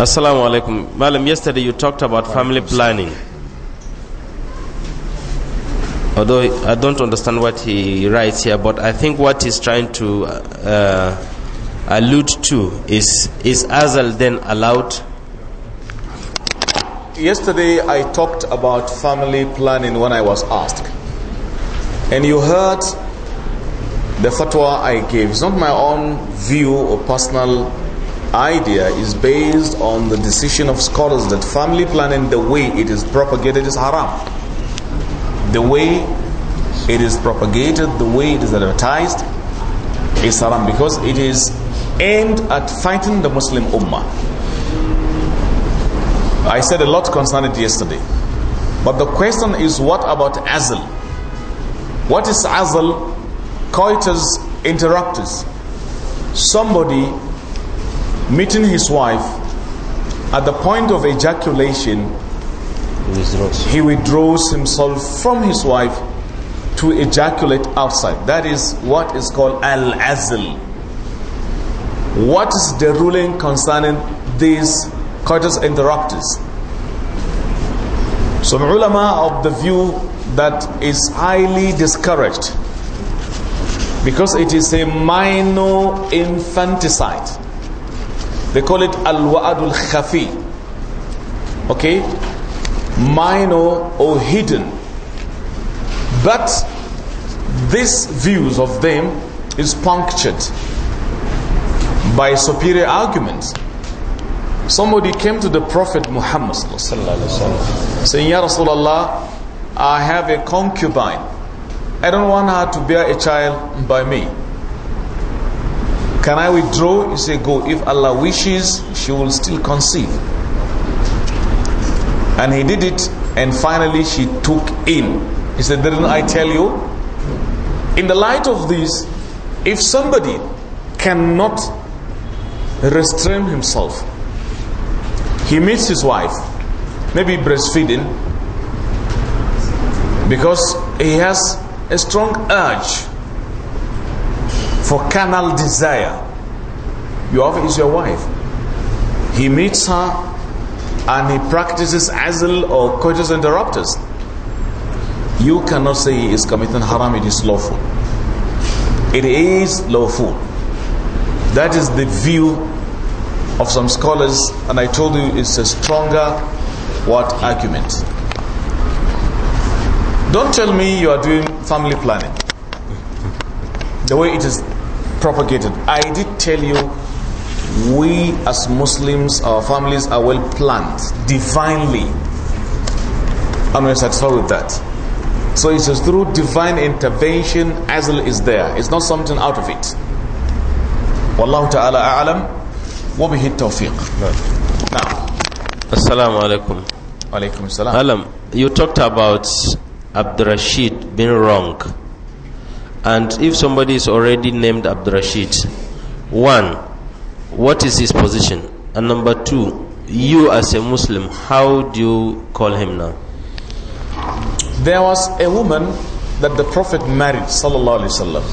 Assalamu alaikum. Malam, yesterday you talked about family planning. Although I don't understand what he writes here, but I think what he's trying to uh, allude to is is Azal then allowed? Yesterday I talked about family planning when I was asked. And you heard the fatwa I gave. It's not my own view or personal idea is based on the decision of scholars that family planning, the way it is propagated, is haram. The way it is propagated, the way it is advertised, is haram because it is aimed at fighting the Muslim Ummah. I said a lot concerning it yesterday. But the question is what about azl? What is azl? Coitus interruptus. Somebody meeting his wife, at the point of ejaculation, he withdraws himself from his wife to ejaculate outside. That is what is called al-azl. What is the ruling concerning these coitus interruptus? Some ulama of the view that is highly discouraged because it is a minor infanticide. They call it al-wa'adul khafi. Okay? Minor or hidden. But this views of them is punctured by superior arguments. Somebody came to the Prophet Muhammad saying, Ya Rasulullah, I have a concubine. I don't want her to bear a child by me. Can I withdraw? He said, Go. If Allah wishes, she will still conceive. And he did it, and finally she took in. He said, Didn't I tell you? In the light of this, if somebody cannot restrain himself, he meets his wife, maybe breastfeeding, because he has a strong urge for carnal desire. Your wife is your wife. He meets her and he practices azl or coitus interruptus. You cannot say he is committing haram, it is lawful. It is lawful. That is the view of some scholars, and I told you it's a stronger what argument. Don't tell me you are doing family planning. The way it is propagated. I did tell you we as Muslims, our families are well planned, divinely. I'm not satisfied with that. So it is through divine intervention, Azl is there. It's not something out of it. Wallahu ta'ala a'alam, wa bihi tawfiq. Now. Assalamu alaikum. Alaikum salam. Alam, you talked about Abdurrashid being wrong. And if somebody is already named Abdurashid, one, what is his position? And number two, you as a Muslim, how do you call him now? There was a woman that the Prophet married, sallallahu alaihi wasallam,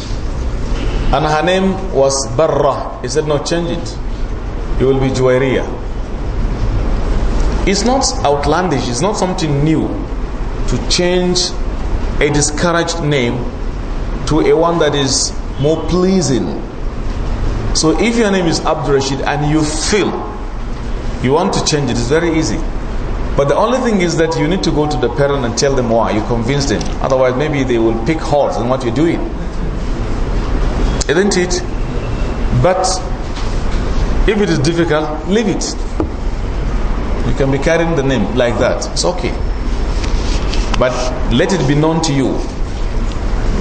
and her name was Barra. He said, "No, change it. You will be Juwairiya." It's not outlandish. It's not something new to change a discouraged name to a one that is more pleasing. So if your name is Abdul Rashid and you feel you want to change it, it's very easy. But the only thing is that you need to go to the parent and tell them why. You convince them. Otherwise, maybe they will pick holes in what you're doing. Isn't it? But if it is difficult, leave it. You can be carrying the name like that. It's okay. But let it be known to you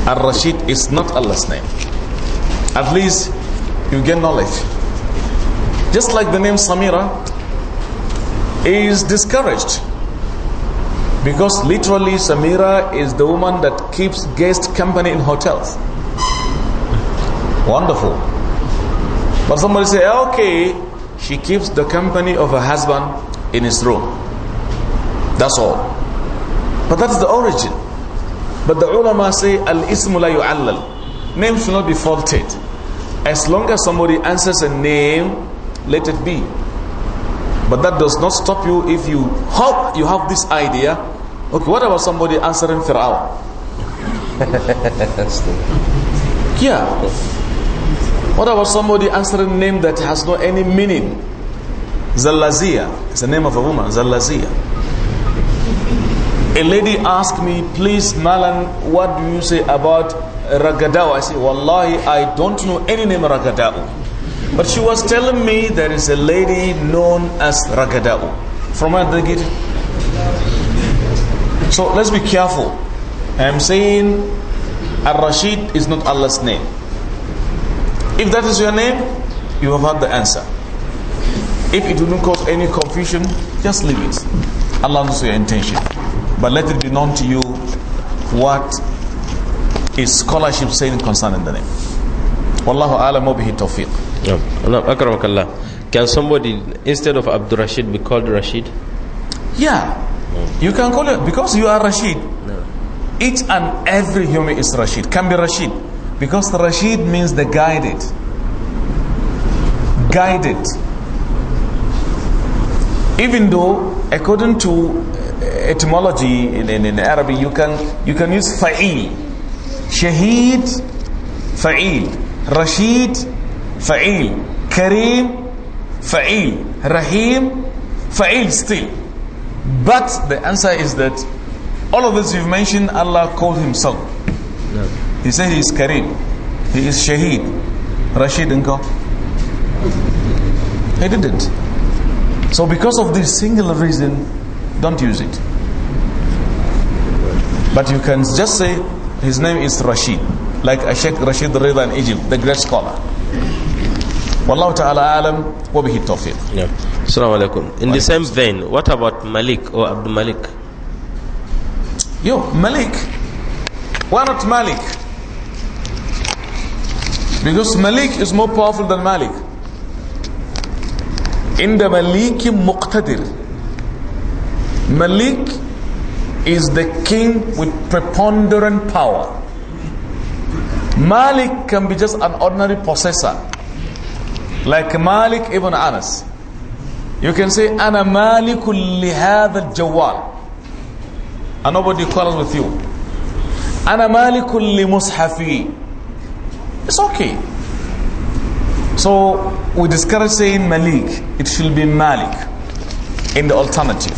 al rashid is not Allah's name. At least you gain knowledge. Just like the name Samira is discouraged. Because literally Samira is the woman that keeps guest company in hotels. Wonderful. But somebody say, okay, she keeps the company of her husband in his room. That's all. But that's the origin. But the ulama say, Al-ismu la yu'allal. Name should not be faulted. As long as somebody answers a name, let it be. But that does not stop you if you hope you have this idea. Okay, what about somebody answering Fir'aun? yeah. What about somebody answering a name that has no any meaning? Zalazia is the name of a woman, Zalazia. A lady asked me, please, Malan, what do you say about Ragadao? I said, Wallahi, I don't know any name Ragadao. But she was telling me there is a lady known as Ragadao. From where they get it? So let's be careful. I'm saying Al-Rashid is not Allah's name. If that is your name, you have had the answer. If it didn't cause any confusion, just leave it. Allah knows your intention. But let it be known to you what is scholarship saying concerning the name. Wallahu alamu bihi tawfiq. Yeah. Can somebody, instead of Abdul Rashid, be called Rashid? Yeah. Hmm. You can call it, because you are Rashid. No. Each and every human is Rashid, can be Rashid. Because Rashid means the guided. Guided. Even though, according to etymology in, in, in Arabic, you can you can use fa'il, shaheed, fa'il, rashid, fa'il, kareem, fa'il, rahim, fa'il still. But the answer is that all of this you've mentioned, Allah called himself. No. He said he is kareem, he is shaheed, rashid and God. He didn't. So because of this single reason, don't use it. But you can just say his name is Rashid, like Sheikh Rashid Rida in Egypt, the great scholar. Wallahu ta'ala alam, wa bihi tawfiq. Yeah. alaikum. In the same vein, what about Malik or Abdul Malik? Yo, Malik. Why not Malik? Because Malik is more powerful than Malik. In the Maliki Muqtadir. Malik is the king with preponderant power. Malik can be just an ordinary possessor. Like Malik ibn Anas. You can say, Ana Malikul lihada jawal. And nobody quarrels with you. Ana Malikul li mushafi. It's okay. So we discourage saying Malik. It should be Malik in the alternative.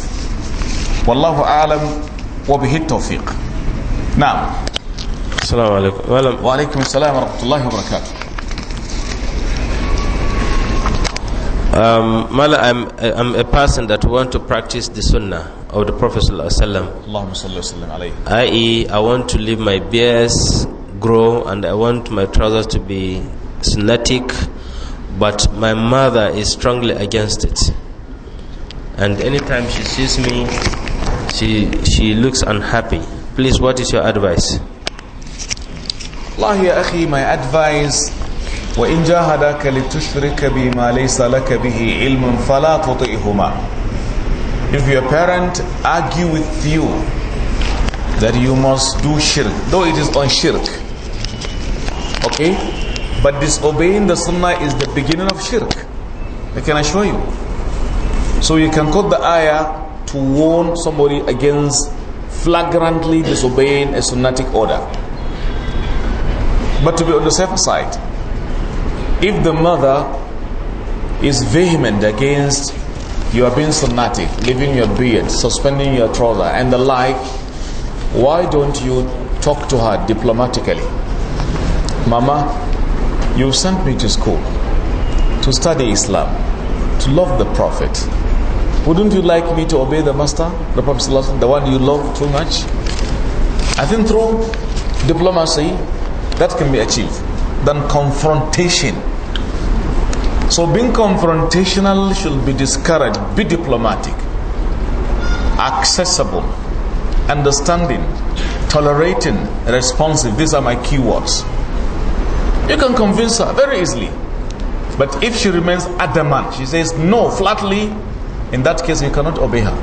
Wallahu alam وبه التوفيق نعم السلام عليكم وعليكم السلام ورحمة الله وبركاته Um, I'm, I'm a person that want to practice the sunnah of the Prophet i.e. I want to leave my beards grow and I want my trousers to be sunnatic but my mother is strongly against it and anytime she sees me she, she looks unhappy. Please, what is your advice? والله يا أخي my advice وإن جاهداك لتشرك بما ليس لك به علم فلا تطئهما If your parent argue with you that you must do shirk, though it is on shirk, okay? But disobeying the sunnah is the beginning of shirk. I can assure you. So you can quote the ayah to warn somebody against flagrantly disobeying a sunnatic order. But to be on the safer side, if the mother is vehement against you are being sunnatic, leaving your beard, suspending your trouser and the like, why don't you talk to her diplomatically? Mama, you sent me to school to study Islam, to love the Prophet, wouldn't you like me to obey the master, the Prophet the one you love too much? I think through diplomacy, that can be achieved. Than confrontation. So being confrontational should be discouraged. Be diplomatic, accessible, understanding, tolerating, responsive. These are my keywords. You can convince her very easily. But if she remains adamant, she says no flatly, in that case, you cannot obey her.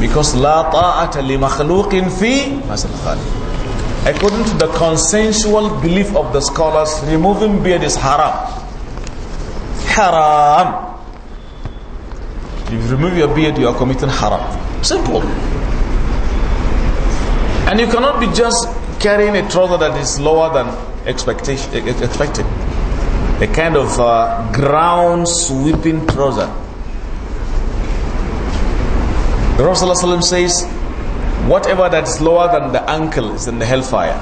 Because لا طاعة لمخلوق في مثل According to the consensual belief of the scholars, removing beard is haram. Haram. If you remove your beard, you are committing haram. Simple. And you cannot be just carrying a trouser that is lower than expectation, expected. A kind of uh, ground sweeping trouser. The Rasulullah says, whatever that is lower than the ankle is in the hellfire.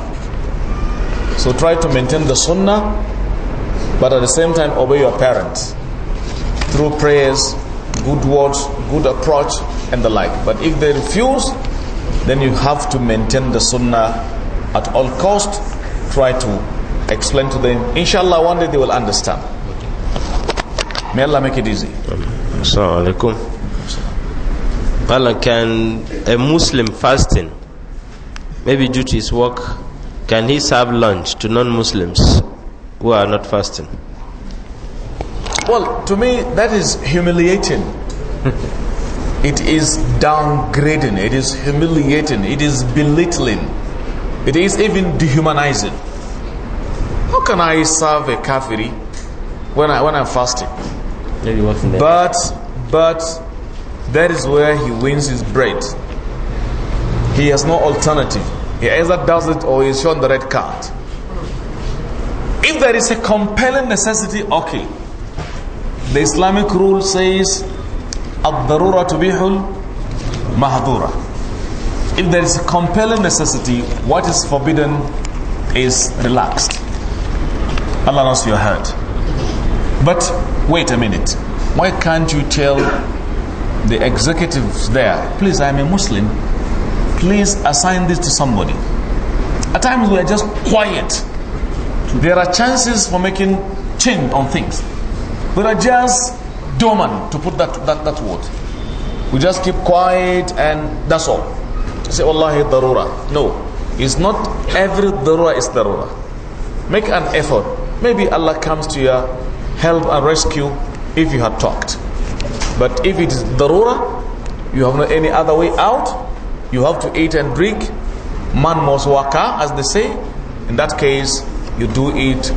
So try to maintain the sunnah, but at the same time obey your parents through prayers, good words, good approach, and the like. But if they refuse, then you have to maintain the sunnah at all cost. Try to explain to them. Inshallah, one day they will understand. May Allah make it easy. Assalamu alaikum. Well, can a Muslim fasting, maybe due to his work, can he serve lunch to non-Muslims who are not fasting? Well, to me, that is humiliating. it is downgrading. It is humiliating. It is belittling. It is even dehumanizing. How can I serve a kafiri when I when I'm fasting? But but that is where he wins his bread. He has no alternative. He either does it or is shown the red card. If there is a compelling necessity, okay. The Islamic rule says, الضرورة تبيح mahdura. If there is a compelling necessity, what is forbidden is relaxed. Allah knows your heart. But wait a minute. Why can't you tell the executives there, please, I'm a Muslim. Please assign this to somebody. At times we are just quiet. There are chances for making change on things. We are just dormant, to put that, that, that word. We just keep quiet and that's all. To say, Wallahi, darura. No, it's not every darura is darura. Make an effort. Maybe Allah comes to your help and rescue if you had talked. But if it is darura, you have no any other way out, you have to eat and drink. Man must waka, as they say. In that case, you do it,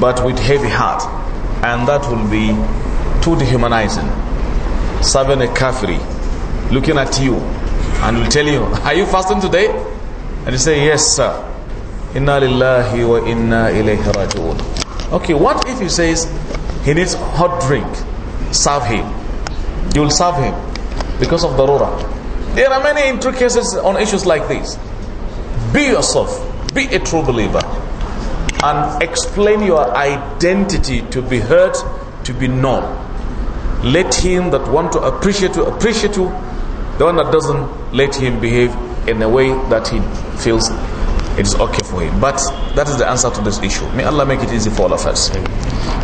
but with heavy heart. And that will be too dehumanizing. Serving a kafiri, looking at you, and will tell you, are you fasting today? And you say, yes, sir. Inna lillahi wa inna ilayhi raji'un. Okay, what if he says he needs hot drink? Serve him you will serve him because of darura. There are many intricacies on issues like this. Be yourself. Be a true believer. And explain your identity to be heard, to be known. Let him that want to appreciate you, appreciate you. The one that doesn't, let him behave in a way that he feels it is okay for him. But that is the answer to this issue. May Allah make it easy for all of us.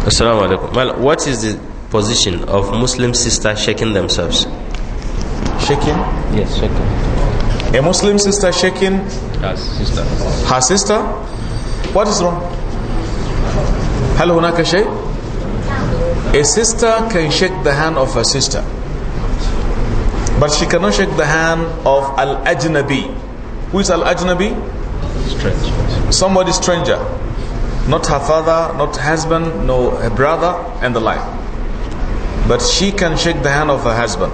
Assalamu alaikum. Well, what is the position of Muslim sister shaking themselves? Shaking? Yes, shaking. A Muslim sister shaking? Her sister. Her sister? What is wrong? Hello, هناك A sister can shake the hand of her sister. But she cannot shake the hand of Al-Ajnabi. Who is Al-Ajnabi? Stranger. Somebody stranger. Not her father, not husband, no her brother, and the like but she can shake the hand of her husband.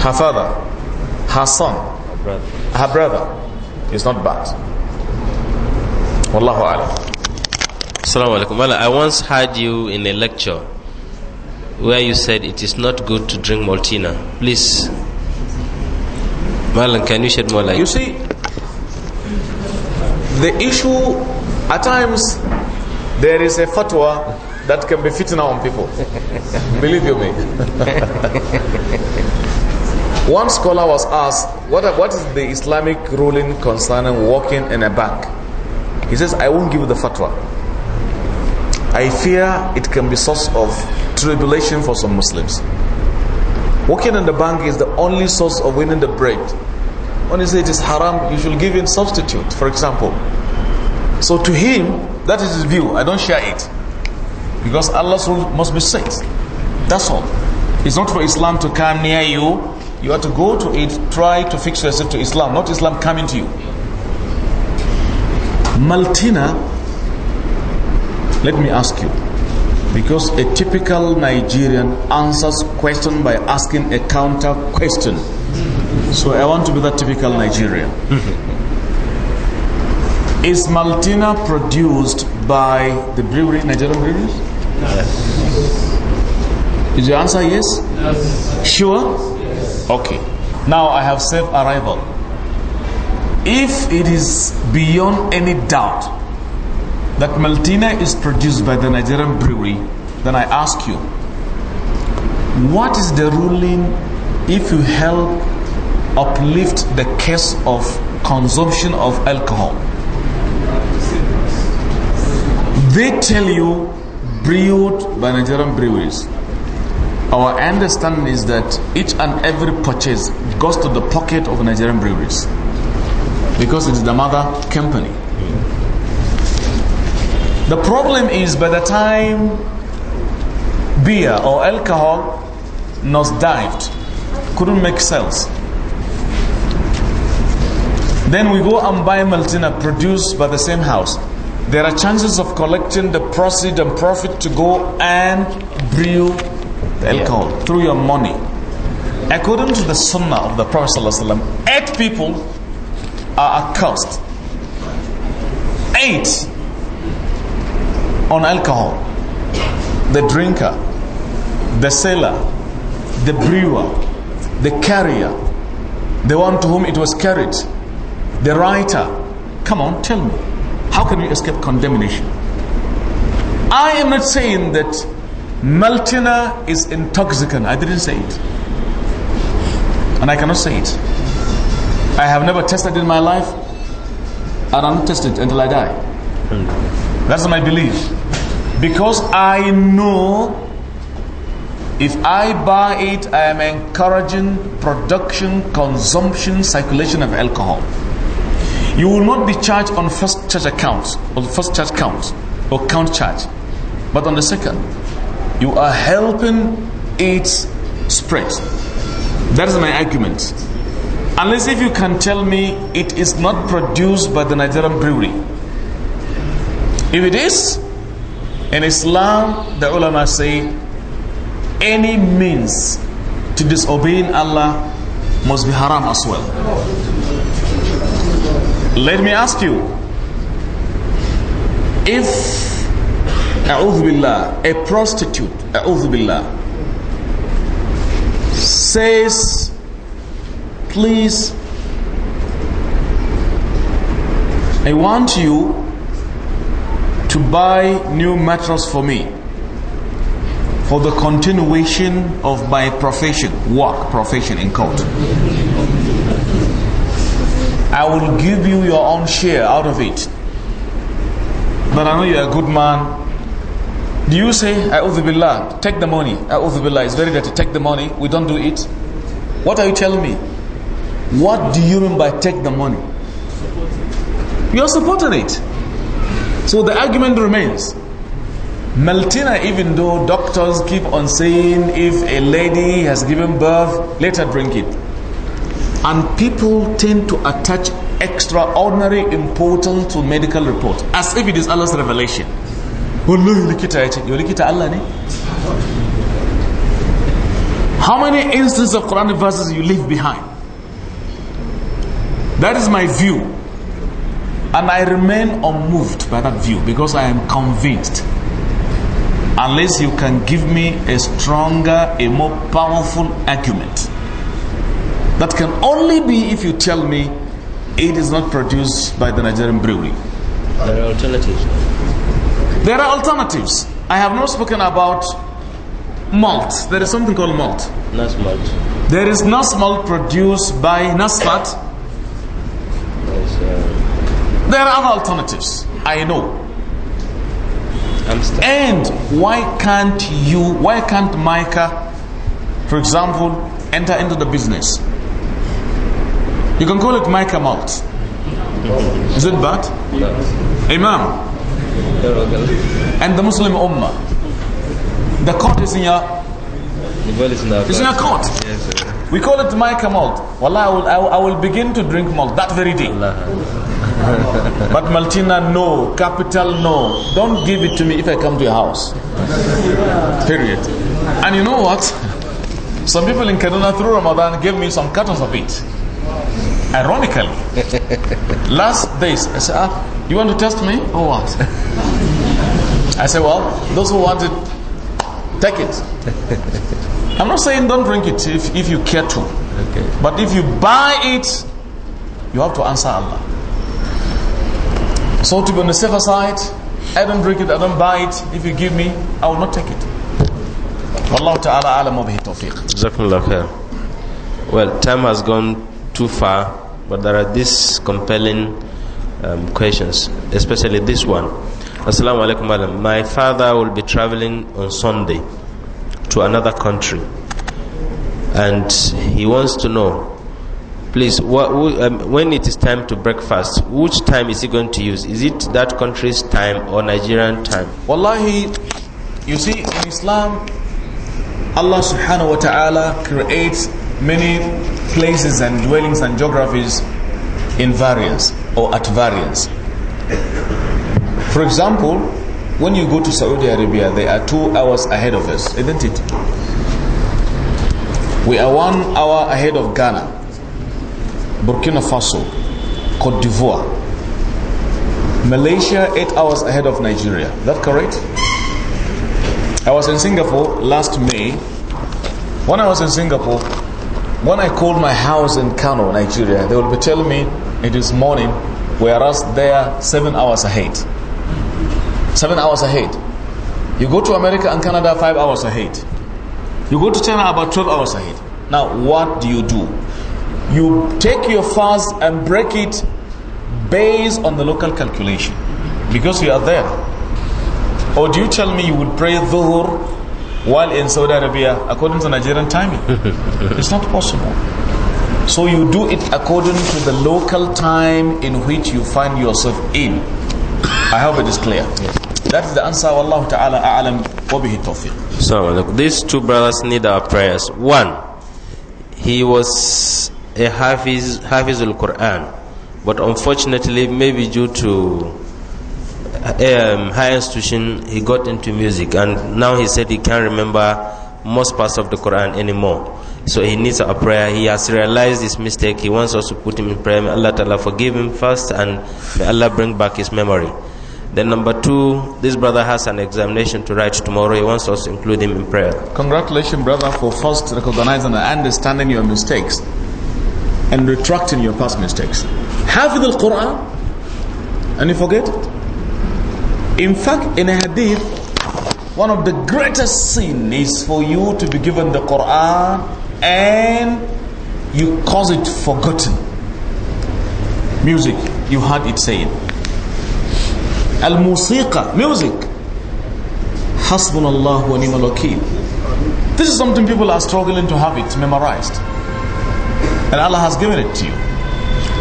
Her father, her son, her brother. It's not bad. Wallahu alam. Assalamu alaikum. Well, I once heard you in a lecture where you said it is not good to drink Maltina. Please, Marlon, can you shed more light? You see, the issue at times there is a fatwa that can be fitna on people. Believe you me. One scholar was asked, what, what is the Islamic ruling concerning walking in a bank? He says, I won't give the fatwa. I fear it can be source of tribulation for some Muslims. Walking in the bank is the only source of winning the bread. When you say it is haram, you should give in substitute, for example. So to him, that is his view. I don't share it. Because Allah's rule must be six. That's all. It's not for Islam to come near you. You have to go to it, try to fix yourself to Islam, not Islam coming to you. Maltina, let me ask you, because a typical Nigerian answers question by asking a counter question. So I want to be that typical Nigerian. Is Maltina produced by the brewery, Nigerian breweries? Is your answer yes? Sure? Okay. Now I have safe arrival. If it is beyond any doubt that Maltina is produced by the Nigerian brewery, then I ask you, what is the ruling if you help uplift the case of consumption of alcohol? They tell you brewed by Nigerian breweries. Our understanding is that each and every purchase goes to the pocket of Nigerian breweries because it's the mother company. The problem is by the time beer or alcohol nosedived, couldn't make sales. Then we go and buy Maltina produced by the same house there are chances of collecting the proceeds and profit to go and brew the alcohol yeah. through your money. According to the sunnah of the Prophet ﷺ, eight people are accursed. Eight on alcohol. The drinker, the seller, the brewer, the carrier, the one to whom it was carried, the writer. Come on, tell me. How can you escape condemnation? I am not saying that Maltina is intoxicant. I didn't say it. And I cannot say it. I have never tested in my life. And i will not test it until I die. That's my belief. Because I know if I buy it, I am encouraging production, consumption, circulation of alcohol. You will not be charged on first charge account or first charge count or count charge, but on the second, you are helping it spread. That is my argument. Unless if you can tell me it is not produced by the Nigerian brewery. If it is, in Islam, the ulama say, any means to disobeying Allah must be haram as well. Let me ask you, if billah, a prostitute billah, says, please, I want you to buy new mattress for me for the continuation of my profession, work, profession in court. I will give you your own share out of it. But I know you're a good man. Do you say, A'udhu Billah, take the money. A'udhu Billah, it's very dirty, take the money. We don't do it. What are you telling me? What do you mean by take the money? You're supporting it. So the argument remains. Maltina, even though doctors keep on saying if a lady has given birth, let her drink it. And people tend to attach extraordinary importance to medical report as if it is Allah's revelation. How many instances of Quranic verses you leave behind? That is my view. And I remain unmoved by that view because I am convinced unless you can give me a stronger, a more powerful argument that can only be if you tell me it is not produced by the Nigerian brewery. There are alternatives. There are alternatives. I have not spoken about malt. There is something called malt. Nas malt. There is nas malt produced by Nasfat. Uh... There are other alternatives. I know. And why can't you, why can't Micah, for example, enter into the business? You can call it mica malt. Is it bad? Imam. And the Muslim Ummah. The court is in your... It's in our court. Yes, we call it mica malt. Wallah, I will, I I will begin to drink malt that very day. but Maltina, no. Capital, no. Don't give it to me if I come to your house. Period. And you know what? Some people in Kaduna through Ramadan gave me some cartons of it. Ironically. Last days, I said, ah, you want to test me or what? I said, well, those who want it, take it. I'm not saying don't drink it if, if you care to. Okay. But if you buy it, you have to answer Allah. So to be on the safer side, I don't drink it, I don't buy it. If you give me, I will not take it. Wallahu ta'ala alam bihi tawfiq. Jazakumullah khair. Well, time has gone too far, but there are these compelling um, questions, especially this one. Assalamu alaikum, madam. My father will be traveling on Sunday to another country, and he wants to know, please, what, um, when it is time to breakfast, which time is he going to use? Is it that country's time or Nigerian time? Wallahi, you see, in Islam, Allah subhanahu wa ta'ala creates many places and dwellings and geographies in variance or at variance. For example, when you go to Saudi Arabia, they are two hours ahead of us, isn't it? We are one hour ahead of Ghana, Burkina Faso, Cote d'Ivoire, Malaysia, eight hours ahead of Nigeria. That correct? I was in Singapore last May. When I was in Singapore, when I call my house in Kano, Nigeria, they will be telling me it is morning, whereas they are seven hours ahead. Seven hours ahead. You go to America and Canada, five hours ahead. You go to China, about 12 hours ahead. Now, what do you do? You take your fast and break it based on the local calculation because you are there. Or do you tell me you would pray Dhuhr while in Saudi Arabia according to Nigerian timing. it's not possible. So you do it according to the local time in which you find yourself in. I hope it is clear. Yes. That is the answer. Wallahu ta'ala a'alam wa bihi tawfiq. So look, these two brothers need our prayers. One, he was a Hafiz, Hafizul Quran, but unfortunately maybe due to uh, um, higher institution, he got into music, and now he said he can't remember most parts of the Quran anymore. So he needs a prayer. He has realized his mistake. He wants us to put him in prayer. May Allah Ta'ala forgive him first and may Allah bring back his memory. Then number two, this brother has an examination to write tomorrow. He wants us to include him in prayer. Congratulations, brother, for first recognizing and understanding your mistakes and retracting your past mistakes. Have the Quran and you forget it. In fact, in a hadith, one of the greatest sin is for you to be given the Quran and you cause it forgotten. Music, you heard it saying, Al musiqa, music. Hasbunallah wa ni'mal wakil. This is something people are struggling to have it memorized. And Allah has given it to you.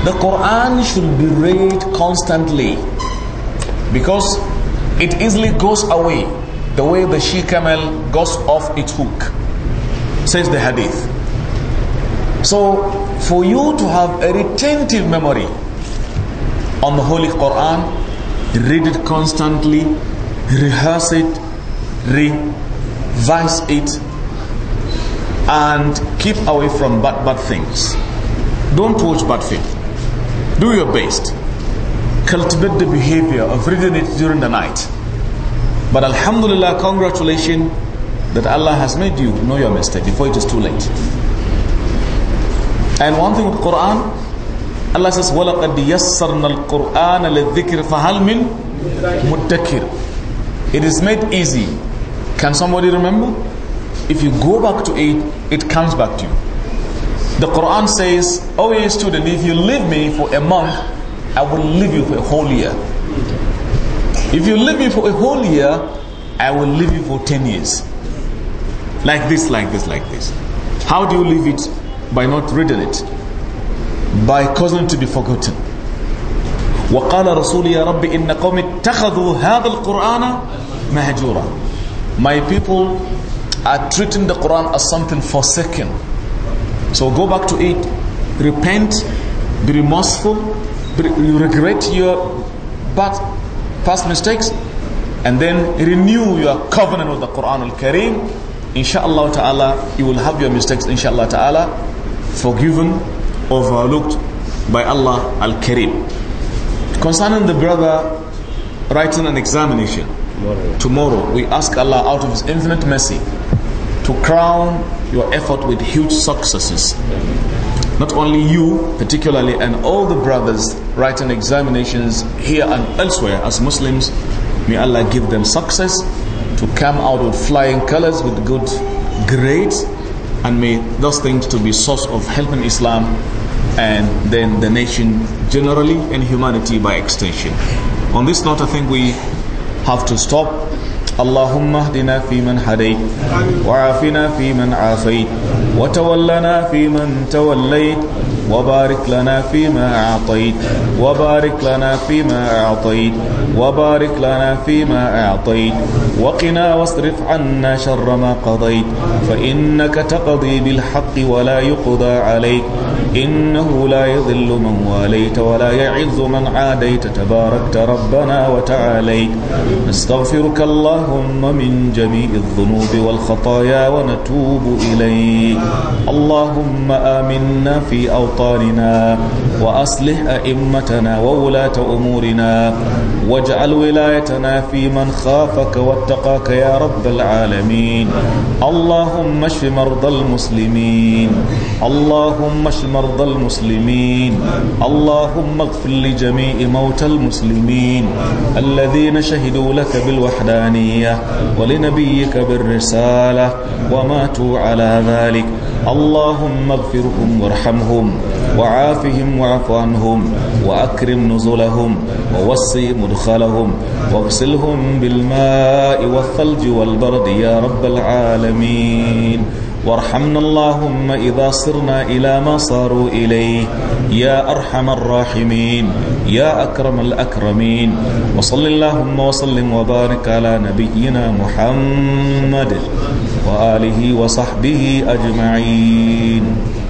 The Quran should be read constantly because it easily goes away the way the she camel goes off its hook, says the hadith. So, for you to have a retentive memory on the Holy Quran, read it constantly, rehearse it, revise it, and keep away from bad, bad things. Don't watch bad things. Do your best cultivate the behavior of reading it during the night. But Alhamdulillah, congratulations that Allah has made you know your mistake before it is too late. And one thing with Quran, Allah says, وَلَقَدْ يَسَّرْنَا الْقُرْآنَ لِلذِّكْرِ فَهَلْ مِنْ مُدَّكِرِ It is made easy. Can somebody remember? If you go back to it, it comes back to you. The Quran says, O oh, ye student, if you leave me for a month, I will leave you for a whole year. If you leave me for a whole year, I will leave you for 10 years. Like this, like this, like this. How do you leave it? By not reading it. By causing it to be forgotten. وقال رسول يا رب إن قوم اتخذوا هذا القرآن مهجورا My people are treating the Quran as something forsaken. So go back to it, repent, be remorseful, you regret your past, past mistakes and then renew your covenant with the Quran al-Kareem inshallah ta'ala you will have your mistakes inshallah ta'ala forgiven overlooked by Allah al-Kareem concerning the brother writing an examination tomorrow. tomorrow we ask Allah out of his infinite mercy to crown your effort with huge successes Amen not only you particularly and all the brothers writing examinations here and elsewhere as Muslims may Allah give them success to come out with flying colors with good grades and may those things to be source of helping Islam and then the nation generally and humanity by extension on this note I think we have to stop اللهم اهدنا فيمن هديت وعافنا فيمن عافيت وتولنا فيمن توليت وبارك لنا فيما أعطيت وبارك لنا فيما أعطيت وبارك لنا فيما أعطيت وقنا واصرف عنا شر ما قضيت فإنك تقضي بالحق ولا يقضى عليك إنه لا يضل من واليت ولا يعز من عاديت تباركت ربنا وتعاليت نستغفرك اللهم من جميع الذنوب والخطايا ونتوب إليك اللهم آمنا في أوطاننا وأصلح أئمتنا وولاة أمورنا واجعل ولايتنا في من خافك واتقاك يا رب العالمين اللهم اشف مرضى المسلمين اللهم اشف مرضى المسلمين اللهم اغفر لجميع موتى المسلمين الذين شهدوا لك بالوحدانية ولنبيك بالرسالة وماتوا على ذلك اللهم اغفرهم وارحمهم وعافهم وعف عنهم وأكرم نزلهم ووصي مدخلهم واغسلهم بالماء والثلج والبرد يا رب العالمين وارحمنا اللهم إذا صرنا إلى ما صاروا إليه يا أرحم الراحمين يا أكرم الأكرمين وصل اللهم وسلم وبارك على نبينا محمد وآله وصحبه أجمعين